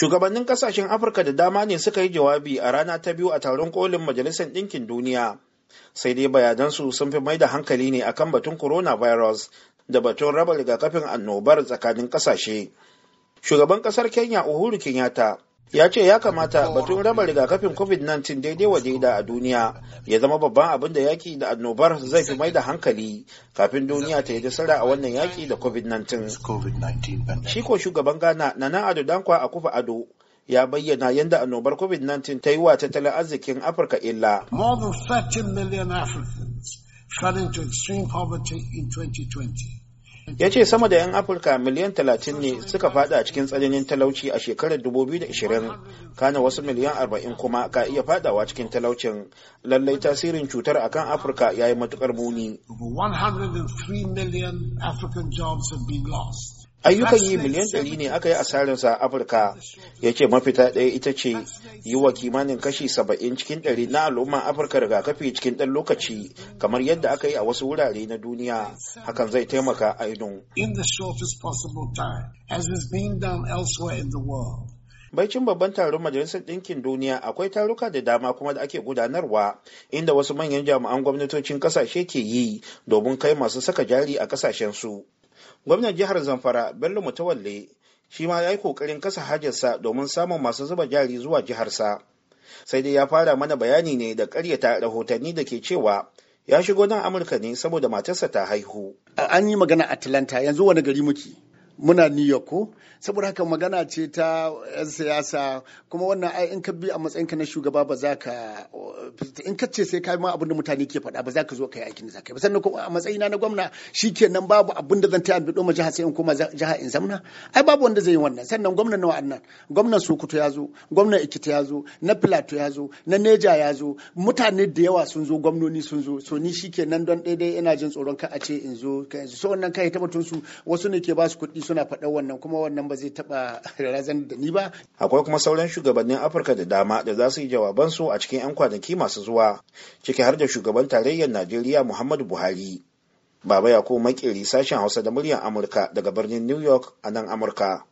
Shugabannin kasashen Afirka da dama ne suka yi jawabi a rana ta biyu a taron kolin Majalisar Ɗinkin Duniya. Sai dai bayanansu sun fi mai da hankali ne akan batun coronavirus da batun raba rigakafin annobar tsakanin kasashe. Shugaban ƙasar Kenya Uhuru Kenyatta ya ce ya kamata batun raba rigakafin covid-19 daidai wa daida a duniya ya zama babban abin da yaki da annobar zai fi mai da hankali kafin duniya ta yi nasara a wannan yaki da covid-19 shi ko shugaban ghana na nan ado dankwa a kufa ado ya bayyana yadda annobar covid-19 ta yi wa tattalin arzikin afirka illa more than 30 million africans fell into extreme poverty in 2020 ya ce sama da 'yan afirka miliyan 30 ne suka fada a cikin tsananin talauci a shekarar 2020 kana wasu miliyan 40 kuma ka iya fadawa cikin talaucin lallai tasirin cutar a kan afirka ya yi matukar muni. 103 million African jobs have been lost. ayyukan yi miliyan ɗari ne aka yi asararsa a afirka ya ce mafita ɗaya ita ce yi wa kimanin kashi saba'in cikin ɗari na al'umman afirka rigakafi cikin ɗan lokaci kamar yadda aka yi a wasu wurare na duniya hakan zai taimaka ainihin baicin babban taron majalisar ɗinkin duniya akwai taruka da dama kuma da ake gudanarwa inda wasu manyan jami'an gwamnatocin ƙasashe ke yi domin kai masu saka jari a kasashensu. su gwamnan jihar zamfara bello mutawalle shi ma ya yi kokarin kasa hajarsa domin samun masu zuba jari zuwa jiharsa sai dai ya fara mana bayani ne da karyata rahotanni da ke cewa ya shigo nan amurka ne saboda matarsa ta haihu an yi magana atlanta yanzu wani gari muke muna New York ko saboda haka magana ce ta 'yan siyasa kuma wannan ai in ka bi a matsayinka na shugaba ba za ka in ka ce sai ka ma abin da mutane ke faɗa ba za ka zo ka yi aikin da za ka yi sannan kuma a matsayina na gwamna shi nan babu abin da zan taya bido ma jiha sai in koma jiha in zamna ai babu wanda zai yi wannan sannan gwamna nawa wa'annan gwamnan Sokoto ya zo gwamnan ikita ya zo na Filato ya zo na Neja ya zo mutane da yawa sun zo gwamnoni sun zo so ni shi nan don daidai ina jin tsoron ka a ce in zo so wannan kai ta su wasu ne ke ba su kuɗi suna faɗa wannan kuma wannan ba zai taɓa razan da ni ba. Akwai kuma sauran shugabannin Afirka da dama da za su yi jawabansu a cikin 'yan kwanaki masu zuwa, ciki har da shugaban tarayyar Najeriya Muhammadu Buhari. Baba Yakubu Makeri sashen Hausa da muryar Amurka daga birnin New York a nan Amurka.